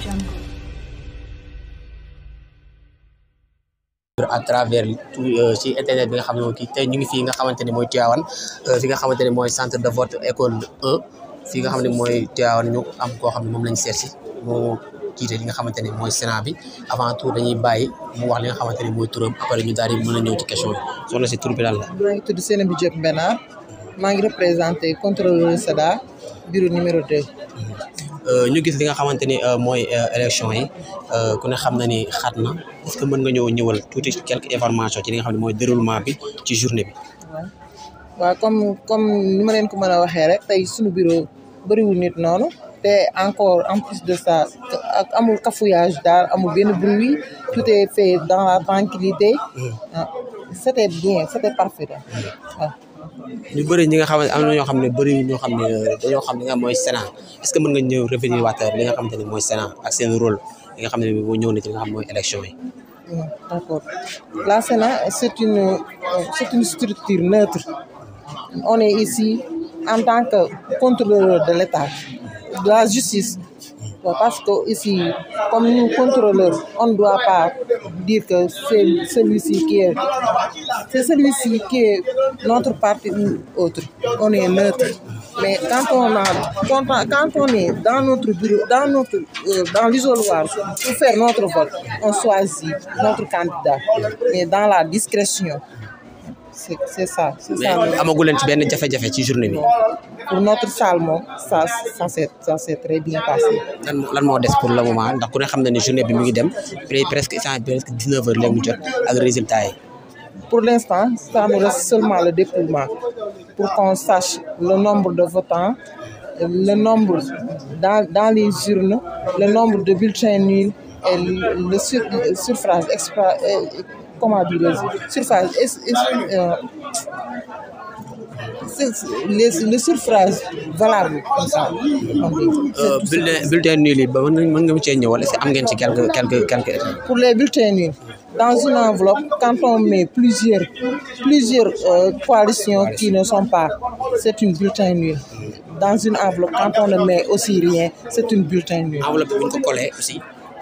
jungle. à travers euh, ci internet bi nga xam ne kii tey ñu ngi fii nga xamante ne mooy Tivaouane euh, fi nga xamante ne mooy centre de vote école E fi nga xam ne mooy Tivaouane ñu am koo xam ne moom lañ seet si moo jiite li nga xamante ne mooy Sénat bi avant tout dañuy bàyyi mu wax li nga xamante ne mooy turam après ñu daal di mën a ñëw ci question bi soxna si tur la. maa ngi tudd bi Diop Mbenaar maa ngi représenté contrôleur SEDA bureau numéro 2. Euh, ñu gis li nga xamante ni euh, mooy euh, élection yi ku ne xam na ni xat na est-ce que mën nga ñëw ñëwal tuuti quelques informations ci li nga xam ne mooy déroulement bi ci journée bi. waaw comme comme ni ma leen ko mën a waxee rek tey suñu bureau bëriwul nit noonu te encore en plus de ça ak amul cafouillage daal amul benn bruit tout est fait dans la tranquillité. Mm. Ah, c'était bien c'était parfait daal mm. ñu bëri ñi nga xam am na ñoo xam ne bëri ñoo xam ne dañoo xam li nga mooy Sénat est-ce que mën nga ñëw revenir li nga xamante ne mooy Sénat ak seen rôle li nga xam ne moo ñëw na nga mooy élection yi. la Sénat c'est une c'est une structure neutre on est en tant que contrôleur de l'État de la justice parce que ici, comme nous contrôleurs, on ne doit pas dire que c'est celui-ci qui est, c'est celui-ci qui est notre parti ou autre. On est neutre. Mais quand on, a, quand, quand on est dans notre bureau, dans notre, euh, dans l'isoloir, pour faire notre vote, on choisit notre candidat, mais dans la discrétion c'est ça. c'est ça mais amagu leen ci benn jafe-jafe ci journée bi. pour notre salle ça ça s'est ça s'est très bien passé. lan moo lan pour le moment ndax ku ne xam journée bi mu ngi dem presque presque 19 heures léegi jot ak résultat yi. pour l'instant ça nous reste seulement le dépouillement pour qu'on sache le nombre de votants le nombre dans dans les urnes le nombre de bulletins nuls et le, sur, le suffrage extra. Euh, comment dire je surface, le suffrage valable ça. Euh, euh, bulletins nuls yi ba mën nga pour les bulletins nuls dans une enveloppe quand on met plusieurs plusieurs euh, coalitions qui ne sont pas c'est une bulletin nul. dans une enveloppe quand on ne met aussi rien c'est une bulletin nulle. enveloppe bi ñu ko aussi.